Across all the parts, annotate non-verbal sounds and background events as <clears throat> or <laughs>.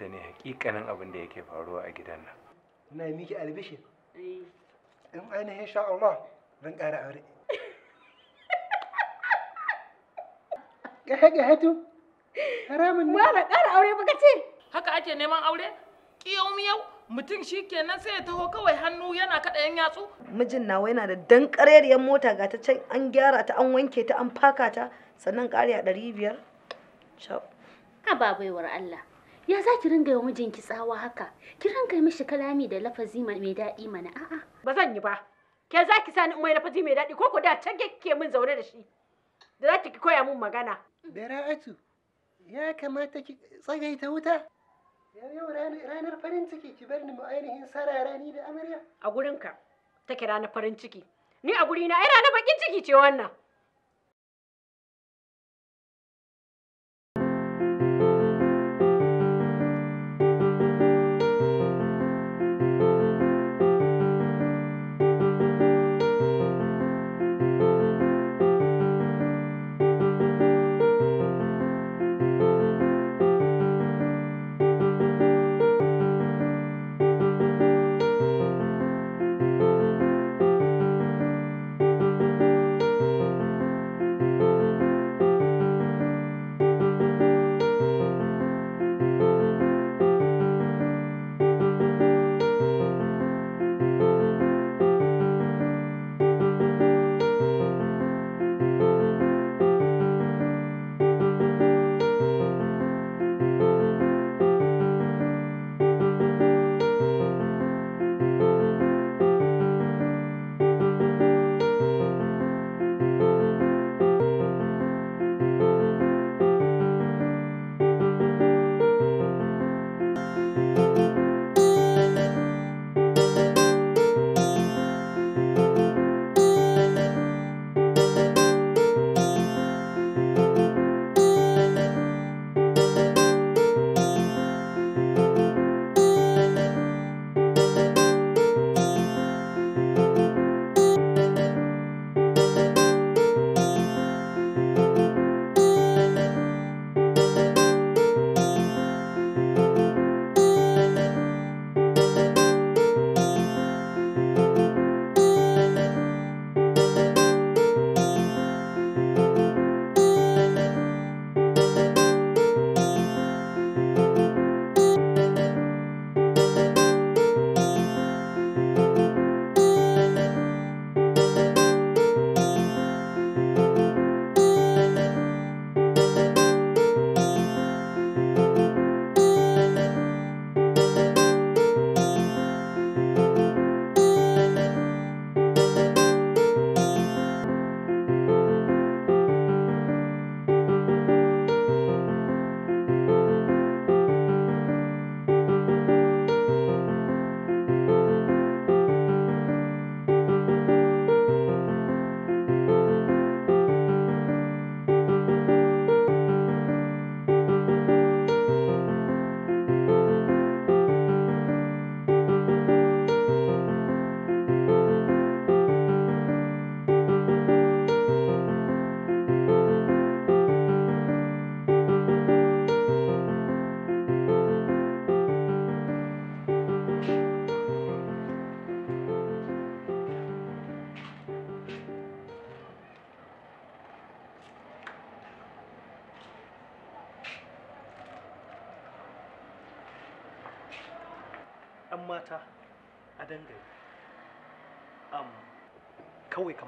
da ni hakikanin abin da yake faruwa a gidan nan ina yi miki albishi eh. in ainihin sha Allah zan ƙara aure gahe gahe tu haramun ne wala ƙara aure baka ce haka ake neman aure kiyau miyau mutum shi kenan sai ya taho kawai hannu yana kaɗa yan yatsu mijin nawa yana da dan ƙarerriyar mota ga ta can an gyara ta an wanke ta an faka ta sannan ƙari a ɗari biyar ciao a babaiwar Allah ya za ki ringa yi ki tsawa haka ki ringa yi mishi kalami da lafazi mai daɗi mana a'a ba zan yi ba ke za ki sani mai lafazi mai daɗi ko ku da can kike min zaune da shi da za ki koya min magana bara'atu ya kamata ki tsagaita wuta yau ranar farin ciki ki bar ni mu ainihin sarara ni da amarya a gurinka take ranar farin ciki ni a gurina ai ranar bakin ciki ce wannan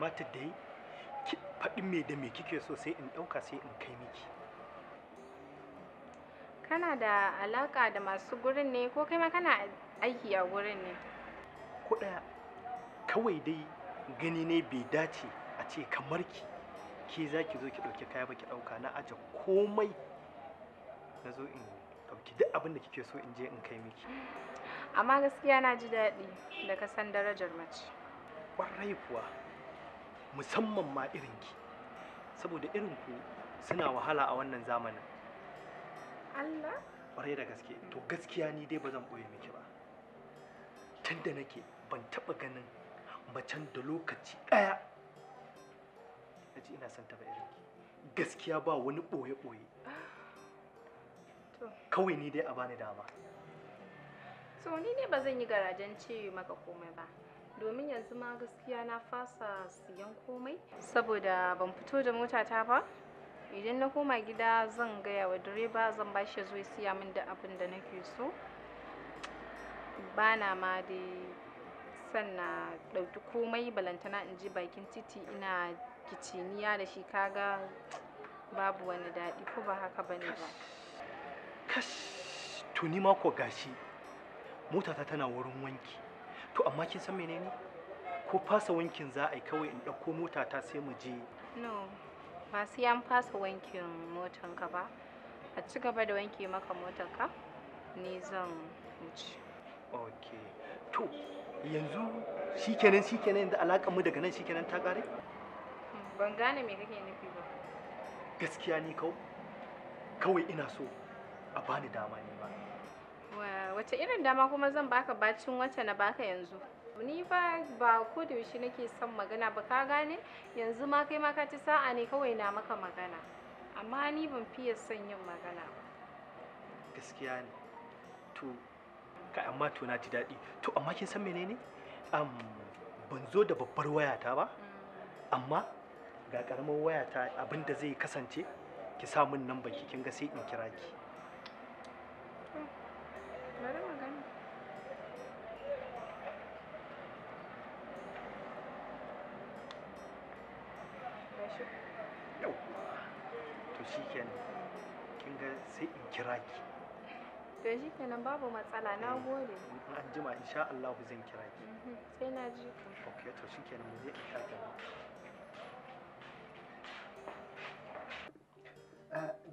kamata da yi faɗin me da me kike so sai in ɗauka sai in kai miki kana da alaƙa da masu gurin ne ko kai ma kana aiki a gurin ne ko kawai dai gani ne bai dace a ce kamar ki ke za ki zo ki ɗauki kaya ba ki ɗauka na aje komai na zo in ɗauki duk abin da kike so in je in kai miki amma gaskiya na ji daɗi da ka san darajar mace ƙwarai kuwa musamman ma irin ki, saboda irin ku suna wahala a wannan zamanin Allah ƙwarai da gaske to gaskiya ni dai ba zan ɓoye miki ba tunda nake ban taɓa ganin macen da lokaci ɗaya na ji ina son taɓa ba irinki gaskiya ba wani ɓoye-ɓoye kawai ni dai a bani dama to ni ne ba zan yi garajen ce maka komai ba domin yanzu ma gaskiya na fasa siyan komai saboda ban fito da motata ba idan na koma gida zan gaya wa direba zan ba shi zuwa siya min da abin da nake so bana ma dai sanna ɗauki komai balantana in ji bakin titi ina kiciniya da shi kaga babu wani daɗi ko ba haka bane ba kash to ni ma ko gashi motata tana wurin wanki to amma kin san menene ko fasa wankin za a yi kawai in ɗauko mota ta sai mu je no ba sai an fasa wankin motan ka ba a ci gaba da wanke maka motar ka ni zan wuce ok to yanzu shikenan shikenan yanzu alaƙar mu daga nan shikenan ta ƙare ban gane me kake nufi ba gaskiya ni kau kawai ina so a bani dama ne ba wace irin dama kuma zan baka bacin wata na baka yanzu ni fa ba ko da yaushe nake son magana ba ka gane yanzu ma kai ma ka ci sa'a ne kawai na maka magana amma ni ban fiye son yin magana ba gaskiya ne to ka amma to na ji daɗi to amma kin san menene um, ban zo da babbar wayata ba mm. amma ga karamar wayata abinda zai kasance ki sa min nan baki kin ga sai in kira ki bari mu gani kin ga sai in kira ki to kenan babu matsala na eh, gode in an jima insha Allah zan kira ki mhm, sai na ji okay to shikenan mu je in sha eh,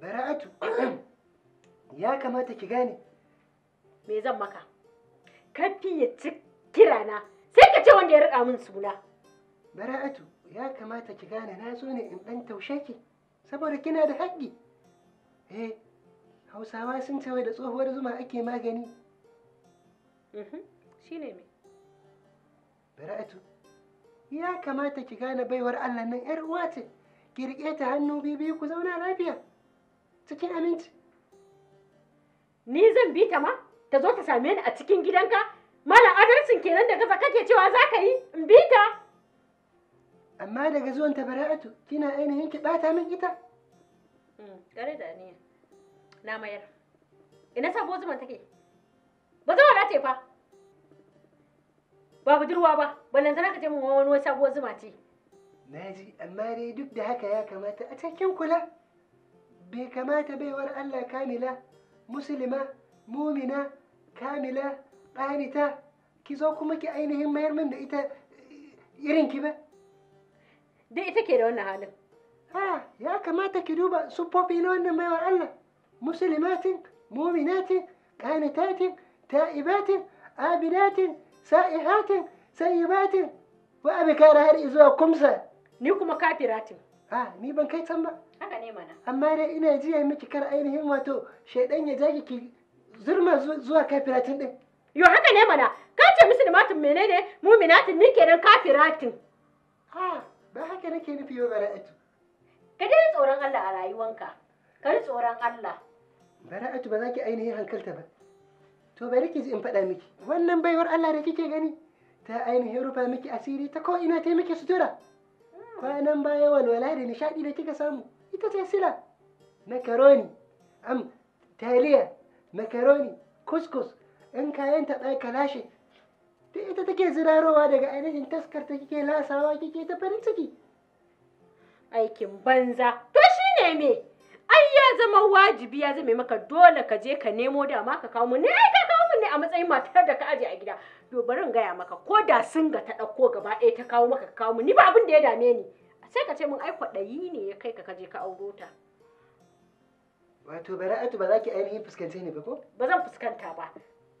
Bara'atu ya kamata ki gane me zan maka kafi ya ci kirana sai ka ce wanda ya rika min suna bara'atu ya kamata ki gane na zo ne in dan taushe ki saboda kina da haƙƙi eh hausawa sun ce wai da tsohuwar zuma ake magani mhm, shine me bara'atu ya kamata ki gane baiwar Allah nan yar uwa ce ki rike ta hannu bibi ku zauna lafiya cikin aminci ni zan bi ta ma ta zo ta same ni a cikin gidanka malam adalcin kenan da gaza kake cewa za ka yi in bi ta amma daga zuwan ta bara'atu kina ainihin ki bata min ita gare hmm, da ni na mayar ina sabo zuman take ba zama da ce fa ba budurwa ba zan ka je mun wani wani sabuwar zuma ce na ji amma dai duk da haka ya kamata a cikin kula bai kamata baiwar Allah kamila musulma mumina kamila ƙanita ki zo kuma ki ainihin mayar min da ita eh, irin ki ba dai ita ke da wannan halin a ya kamata ki duba siffofi na wannan baiwar Allah muslimatin muminatin ƙanitatin, ta'ibatin abidatin sa'ihatin sayyibatin wa abikara har izuwa kumsa ni kuma kafiratin a ni ban kai san ba haka ne mana amma dai ina jiya miki kar ainihin wato shaidan ya jaki ki zurma zuwa kafiratin din yo haka ne mana ka ce musulmatin menene muminatin ni kenan kafiratin ha ba haka nake nufi yo bara'atu ka dai tsoron Allah a rayuwanka ka ri tsoron Allah bara'atu ba za ki ainihin hankalta ba to bari ki ji in faɗa miki wannan baiwar Allah da kike gani ta ainihin rufa miki asiri ta ko ina ta miki sutura hmm. kwanan baya walwala da nishaɗi da kika samu ita ce sila karoni am taliya makaroni kuskus in kayan ta ɗai ka lashe ta ita take zirarowa daga ainihin taskar ta kike lasawa kike ta farin ciki aikin banza to shine me ai ya zama wajibi ya zame maka dole ka je ka nemo dama ka kawo mun ne ai ka kawo mun ne a matsayin matar da ka aje a gida to bari in gaya maka ko da sun ga ta ɗauko gaba ɗaya ta kawo maka ka kawo mun ni ba abin da ya dame ni sai ka ce mun ai kwaɗayi ne ya kai ka je ka auro ta Wato bara'atu ba za ki ainihin fuskance ni ba ko? Ba zan fuskanta ba.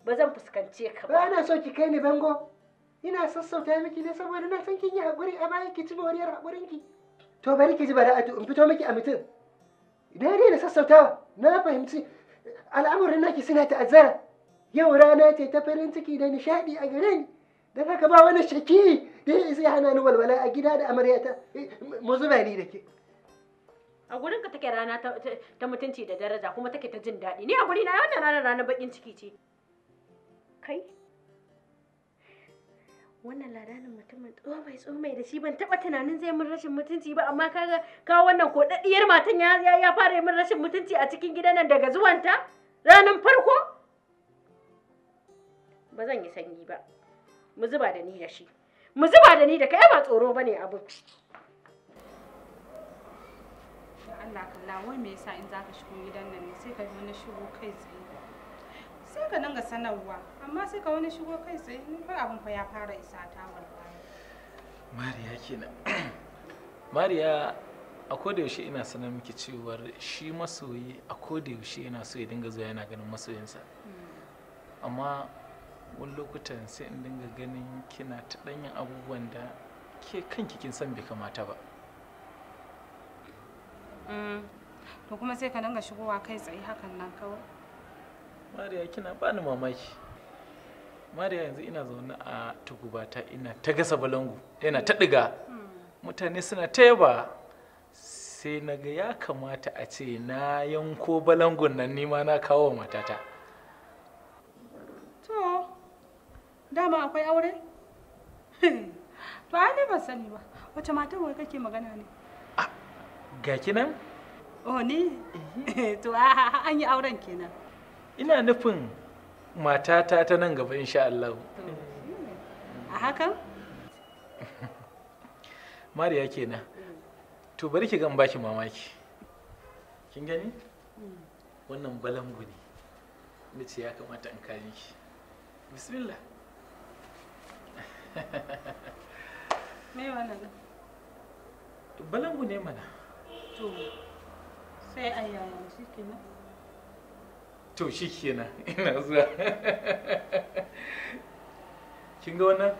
Ba zan fuskance ka ba. Ba so ki kai ni bango. Ina sassauta miki ne saboda na san kin yi hakuri a baya ki ci moriyar haƙurin ki. To bari ki ji bara'atu in fito miki a mutum. Na da sassautawa na fahimci al'amuran naki suna ta'azzara. Yau rana ce ta farin ciki da nishaɗi a gare ni. Da haka ba wani shaki da ya isa hana ni walwala a gida da amaryata. Eh, mu zuba ni da ke. a gurin ka take rana ta mutunci da daraja kuma take ta jin daɗi ni a guri na wannan ranar ranar bakin ciki ce kai wannan ladanin mutumin tsomai tsomai da shi ban taɓa tunanin zai min rashin mutunci ba amma kaga ka wannan ko daddiyar matan ya ya fara min rashin mutunci a cikin gidan nan daga zuwanta ranar farko ba zan yi sanyi ba mu zuba da ni da shi mu zuba da ni da kai ba tsoro bane abin Allah kalla wai me yasa in zaka shigo gidan nan ne sai ka wani shigo kai tsaye sai ka dinga sanarwa amma sai ka wani shigo kai tsaye ni fa abin fa ya fara isa ta wallahi Mariya kenan <clears throat> Mariya a yaushe ina sanar miki cewar shi masoyi a yaushe yana so ya dinga zuwa yana ganin masoyinsa hmm. amma wani lokutan sai in dinga ganin kina ta ɗanyen abubuwan da ke kanki kin san bai kamata ba Mm. to kuma sai ka dinga shigowa kai tsaye hakan nan kawai mariya kina bani mamaki mariya yanzu ina zaune a tugubata ina ta gasa balangu yana ta ɗiga mm. mutane suna ta yaba sai na ga ya kamata a ce na yanko balangun nan nima na kawo matata to dama akwai aure <laughs> to ne ban sani ba wace matar wai kake magana ne ga nan? oh ni mhm. <laughs> to ah, ah, ah, an yi auren kenan ina nufin matata ta nan gaba insha Allah a hakan? <laughs> mariya kenan to bari ki gan baki mamaki kin gani mm. wannan balangu ne na ce ya kamata in kare shi. bismillah me wannan balangu ne mana to shi kenan to <laughs> ina zuwa kin ga wannan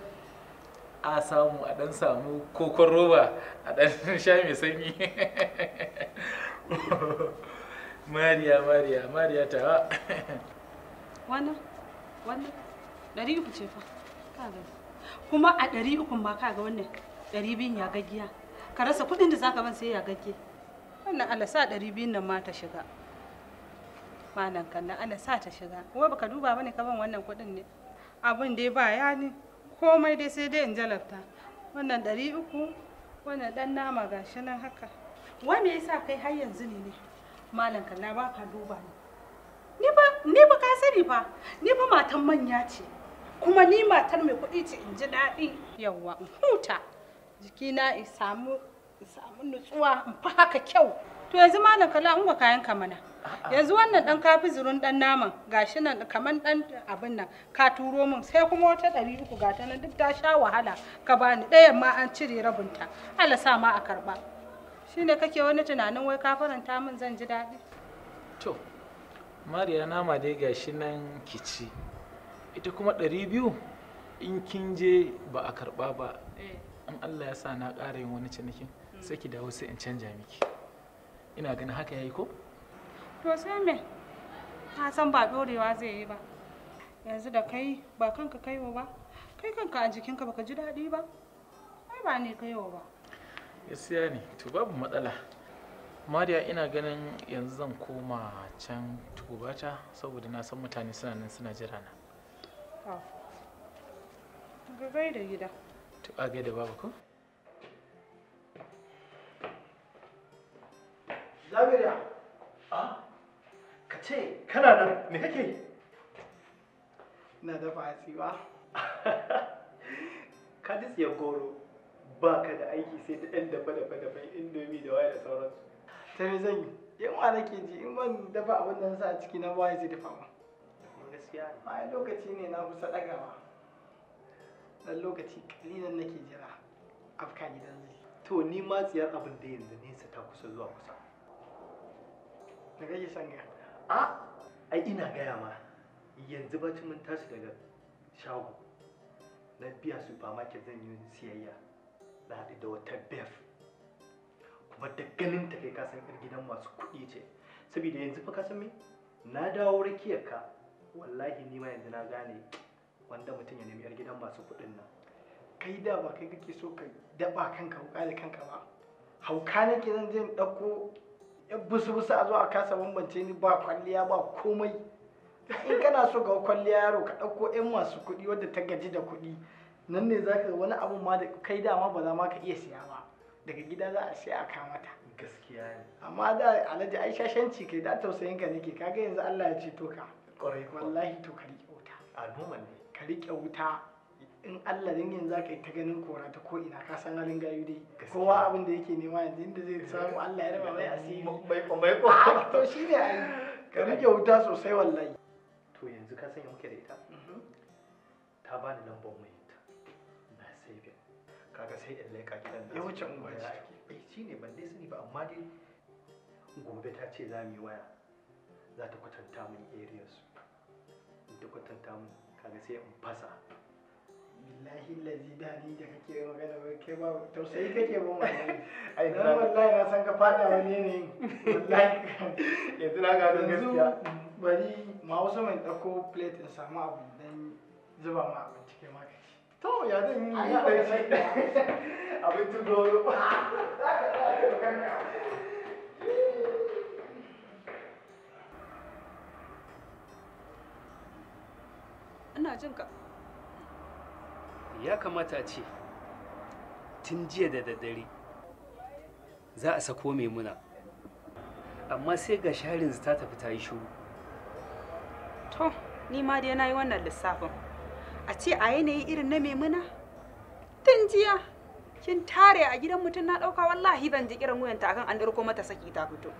a samu a dan samu kokon roba a dan <laughs> sha mai sanyi <laughs> mariya mariya mariya ta wa. wannan wannan ɗari uku ce fa kaga kuma a ɗari uku ma ga wannan ɗari biyun ya gaggiya ka rasa kuɗin da zaka ban sai ya gaggiya wannan alasa ɗari biyun nan ma ta shiga malam kallon alasa ta shiga kuma baka duba bane ka ban wannan kuɗin ne abin dai ba ya ni komai dai sai dai in jalabta wannan ɗari uku wannan ɗan nama gashi nan haka wai me yasa kai har yanzu ne ne malam kanna ba ka duba ni ni ba ni ba ka sani ba. ni ba matan manya ce kuma ni matar mai kuɗi ce in ji daɗi yawwa in huta jikina ya samu samu nutsuwa in fi haka kyau to yanzu malam kala in kayan ka mana yanzu wannan dan kafi zurun dan naman gashi nan kamar dan abin nan ka turo min sai kuma wata ɗari uku ga ta nan duk ta sha wahala ka bani ɗayan ma an cire rabinta Allah sa ma a karba shine kake wani tunanin wai ka faranta min zan ji daɗi to mariya nama dai gashi nan kici ita kuma ɗari biyu in kin je ba a karba ba eh. in Allah ya sa na ƙara yin wani cinikin sai ki dawo sai in canja miki ina ganin haka yayi ko to sai me ka san ba dorewa zai yi ba yanzu da kai ba kanka kaiwa ba kai kanka a jikinka baka ji daɗi ba ai ba ne kaiwa ba gaskiya ne to babu matsala mariya ina ganin yanzu zan koma can tubata saboda na san mutane suna nan suna jira na Ga da gida to a gaida baba ko Zabira a ah? ka ce kana nan me kake yi na dafa hatsi ba <laughs> ka ditsiya goro ba ka da aiki sai ta ɗan dafa dafa dafa indomi da waya da sauransu ta me zan yi yamma nake ji in ban dafa abin da na sa a ciki na ba sai dafa ma gaskiya ma lokaci ne na kusa ɗagawa ɗan lokaci ƙalilan nake jira afka gidan zai to ni ma tsiyar abin da yanzu nesa ta kusa zuwa kusa na kake son gaya a ai ina gaya ma yanzu bacin mun tashi daga shago na biya supermarket zan yi siyayya na haɗu da wata bef kuma da ganin ta kai kasan yar gidan masu kuɗi ce saboda yanzu fa kasan me na dawo rakiyar ka wallahi ni ma yanzu na gane wanda mutum ya nemi 'yar gidan masu kuɗin nan kai da ba kai kake so ka daba kanka hauka da kanka ba hauka na ke zan je ɗauko busu busu a zuwa a kasa bambance ni ba kwalliya ba komai in kana so ga kwalliya yaro ka ɗauko 'yan masu kuɗi wadda ta gaji da kuɗi nan ne za ka wani abun ma da kai dama ba za ma ka iya siya ba daga gida za a sai a kamata gaskiya ne amma da alhaji ai shashanci kai da tausayin ka nake kaga yanzu Allah ya ce to ka kwarai wallahi to ka riƙe wuta a ne ka riƙe wuta in Allah din yanzu za ka yi ta ganin kora ta ko ina ka san halin gayu dai kowa abin da yake nema yanzu inda zai samu Allah ya raba mai asiri bai ko bai ko to shine ai ka riƙe wuta sosai wallahi to yanzu ka san muke da ita mm-hmm. ta bani lambar mai ita na sai kaga sai in laika gidan da ya wuce mun ba shi shine ban dai sani ba amma dai gobe ta ce za mu yi waya za ta kwatanta mun area ta kwatanta min daga sai in fasa billahi lazi dadi da kake magana kai ba tausayi kake ba wannan <laughs> ai na wallahi na san ka fada wani ne wallahi <laughs> yanzu na gaskiya bari ma wasu mai dauko plate in samu abu dan zuba ma ma to ya yi <laughs> ina jin ka ya kamata a ce tun jiya da daddare za a sako maimuna amma sai ga sharin ta tafi ta yi shuru to ni ma dai na yi wannan lissafin a ce a yanayi irin na maimuna tun jiya kin tare a gidan mutum na ɗauka wallahi ban ji kiran wuyanta akan an ɗarko mata saki ta fito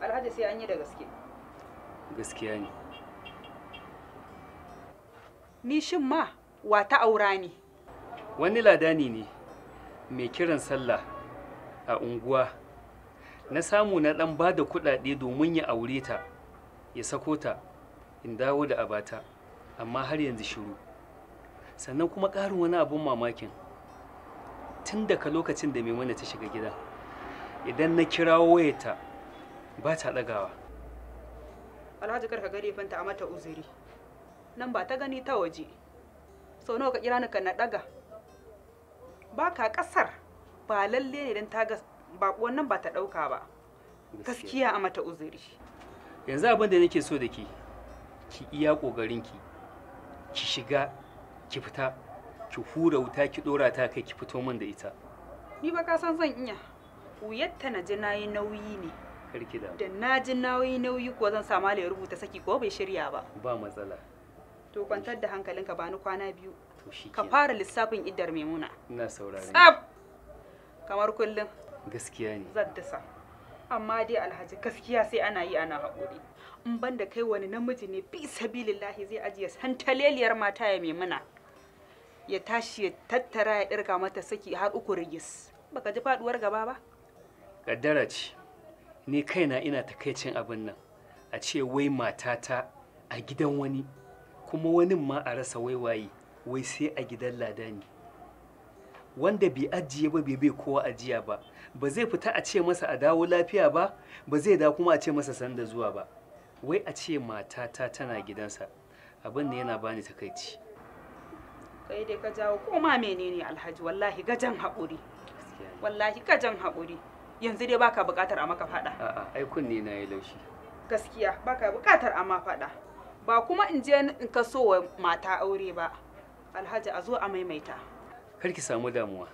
alhaji sai an yi da gaske gaskiya ne ni shin ma wa ta aura ne wani ladani ne mai kiran sallah a unguwa na samu na dan ba da kuɗaɗe domin ya aure ta ya sako ta in dawo da abata amma har yanzu shiru sannan kuma ƙarin wani abun mamakin tun daga lokacin da maimuna ta shiga gida idan na kirawo wayata ba ta ɗagawa alhaji karka gare fanta a mata uzuri nan ba ta gani ta waje sau nawa ka kira ni ka na daga ba ka kasar ba lalle ne don ta ga bakuwan nan ba ta dauka ba gaskiya a mata uzuri yanzu abin da nake so da ke ki iya kokarin ki ki shiga ki fita ki hura wuta ki dora ta kai ki fito min da ita ni ba ka san zan iya wuyarta na ji nayi nauyi ne da na ji nauyi nauyi kuwa zan sa ya rubuta saki ko bai shirya ba ba matsala to kwantar da hankalinka ba ni kwana biyu ka fara lissafin idar maimuna ina saurare Tsaf! kamar kullum gaskiya ne zan amma dai alhaji gaskiya sai ana yi ana haƙuri in ban da kai wani namiji ne bi sabilillahi zai ajiye santaleliyar mata ya maimuna ya tashi ya tattara ya ɗirga mata saki har uku rigis baka ji faduwar gaba ba kaddara ce ni kaina ina takaicin abin nan a ce wai matata a gidan wani kuma wani ma a rasa waiwaye wai sai a gidan lada ne wanda bai ajiye ba bai bai kowa ajiya ba ba zai fita a ce masa a dawo lafiya ba ba zai da kuma a ce masa sanda zuwa ba wai a ce mata ta tana gidansa abin ne yana bani takaici kai dai ka jawo ko ma menene alhaji wallahi gajan haƙuri wallahi gajan haƙuri yanzu dai baka buƙatar a maka fada. a'a ai kunne na yi laushi gaskiya baka buƙatar a ma faɗa ba kuma in je in kaso wa mata aure ba alhaji a zo a maimaita kar ki samu damuwa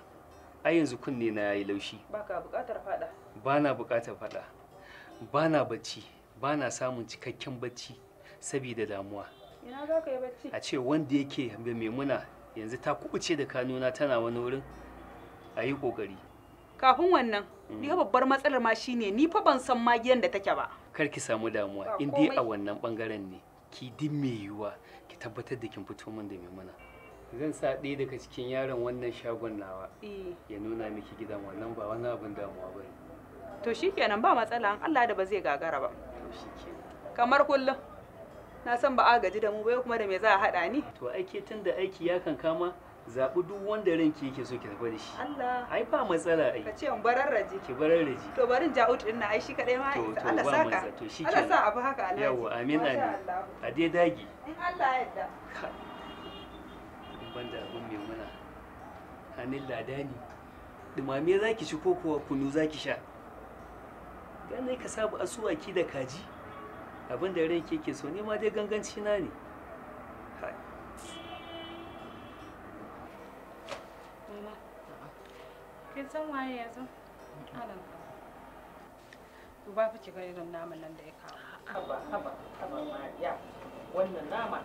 a yanzu kunne na yayi laushi baka bukatar fada bana bukatar fada bana bacci bana samun cikakken bacci saboda damuwa ina za ka yi bacci a ce wanda yake mai maimuna yanzu ta kubuce da kanuna tana wani wurin a yi kokari kafin wannan mm. ni babbar matsalar ma shine ni fa ban san magiyan da take ba kar ki samu damuwa in dai a wannan bangaren ne ki din me yiwuwa ki tabbatar da kin fito min da mai mana zan sa ɗaya daga cikin yaron wannan shagon nawa eh. ya nuna miki gidan wannan ba wani abin damuwa ba to shikenan ba matsala an Allah da ba zai gagara ba to shikenan kamar kullum na san ba a gaji da mu ba kuma da me za a haɗa ni to aiki tun da aiki ya kan kama zaɓi duk wanda ranki yake so ki tafi da shi. Allah. Ai ba matsala ai. Ka ce in raji. Ki bararraji. To barin ja'ut din na ai shi kadai ma ita Allah saka. To shi Allah sa abu haka Allah. Yawwa amin amin. A dai dagi. In Allah yarda. Ban da abin mai muna. Hannun ne. Dumame za ki ci ko kuwa kunu za ki sha. Ganai ka sabu asuwaki da kaji. Abin da ranki yake so ne ma dai ganganci na ne. kin san waye ya anan duba fa ki ga irin naman nan da ya kawo haba haba haba mariya wannan nama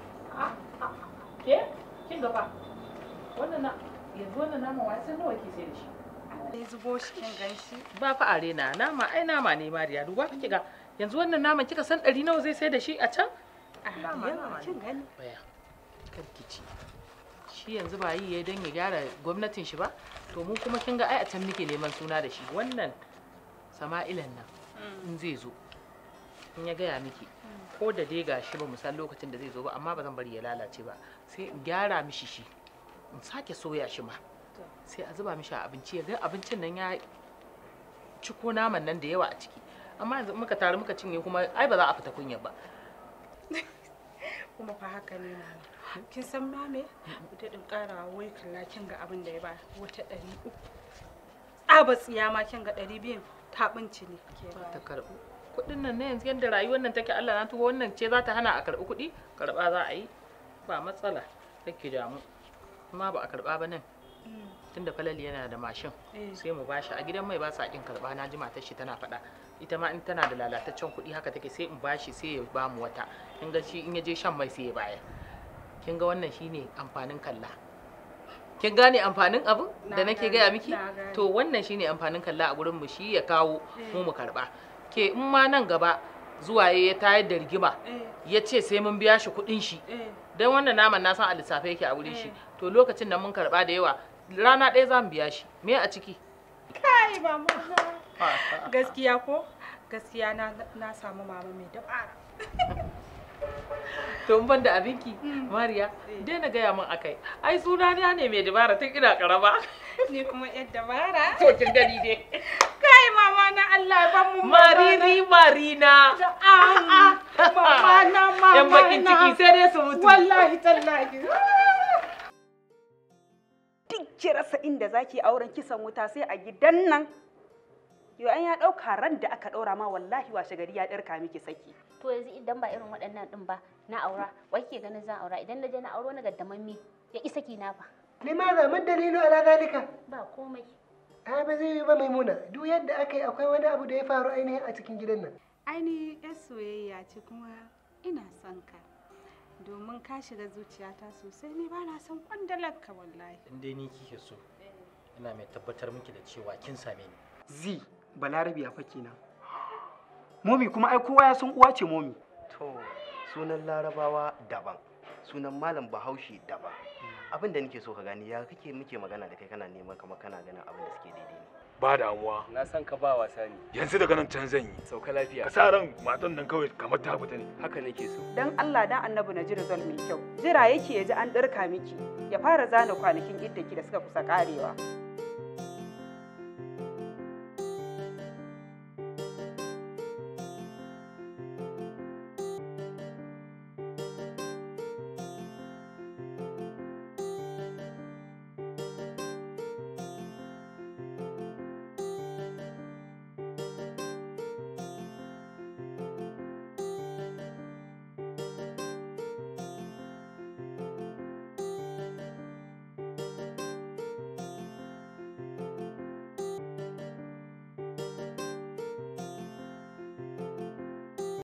ke kin ga fa wannan na yanzu wannan nama wai san nawa ke sai da shi ne zubo shi kin ganshi ba fa arena nama ai nama ne mariya duba fa ki yanzu wannan naman kika san ɗari nawa zai sai da shi a can A nama kin gani baya karkici shi yanzu ba yi don ya gyara gwamnatin shi ba to mu kuma kin ga ai a can muke neman suna da shi wannan sama'ilan nan mm. in zai zo in ya gaya miki ko da dai gashi ba san lokacin da zai zo ba amma ba zan bari ya lalace ba sai in gyara mishi shi in sake soya shi ma sai a zuba mishi a abinci ya ga abincin nan ya ciko naman nan da yawa a ciki amma yanzu muka taru muka cinye kuma ai ba za a fita kunya ba <laughs> kuma fa haka ne kin san ma me da din karawa wai kalla kin ga abin da ya ba wata 300 tsaba tsiya ma kin ga biyu ta binci ne ta karbu kudin nan ne yanzu yadda rayuwar nan take Allah na tuwo wannan ce za ta hana a karɓi kuɗi karɓa za a yi ba matsala take damu amma ba a karɓa ba nan mm. tunda falali yana da mashin eh. sai mu bashi a gidan mai ba sa kin karba na ji matar shi tana faɗa ita ma in tana da lalataccen kuɗi haka take sai in bashi sai ya bamu wata in ga shi in ya je shan mai sai ya bayar kin ga wannan shine amfanin kalla kin gane amfanin abu da nake gaya miki to wannan shine amfanin kalla a gurin mu shi ya kawo eh. mu mu karba ke in ma nan gaba zuwa ya tayar da rigima eh. ya ce sai mun biya shi kuɗin shi eh. don wannan naman na san a yake a wurin shi to lokacin da mun karba da yawa rana ɗaya za mu biya shi me a ciki kai mama <laughs> gaskiya ko gaskiya na samu mama mai dabara <laughs> <laughs> tun banda abinki hmm. mariya daina gaya min akai ai suna na ne mai dabara tun ina karama <laughs> ni kuma yar dabara to kin gani dai <laughs> kai mama na Allah ba mu mariri marina ah, ah, mama na mama yan bakin ciki sai dai su mutu wallahi tallahi duk ki sa inda zaki auren kisan wuta sai a gidan nan yo an ya ɗauka ran da aka ɗaura ma wallahi washe gari ya ɗarka miki saki to yanzu idan ba irin waɗannan ɗin ba na aura wai ke ganin zan aura idan na je na auro wani gaddamamme ya isa ki na fa ga mun dalilu ala zalika ba komai ai ba zai yi ba maimuna duk yadda aka yi akwai wani abu da ya faru ainihin a cikin gidan nan ainihin yar soyayya ce kuma ina son ka domin ka shiga zuciyata sosai ne ba na son kwandalar ka wallahi in dai ni kike so ina mai tabbatar miki da cewa kin same ni zi balarabiya fa kenan momi kuma ai kowa ya san uwa ce momi to sunan larabawa daban sunan malam bahaushe daban abin da nake so ka gani ya kake muke magana da kai kana neman kamar kana ganin abin da suke daidai ne ba damuwa na san ka ba wasa ne yanzu daga nan can zan yi sauka lafiya ka sa ran matan nan kawai kamar ta fita ne haka nake so dan Allah dan annabi na ji rizal mai kyau jira yake ya ji an darka miki ya fara zana kwanakin ki da suka kusa karewa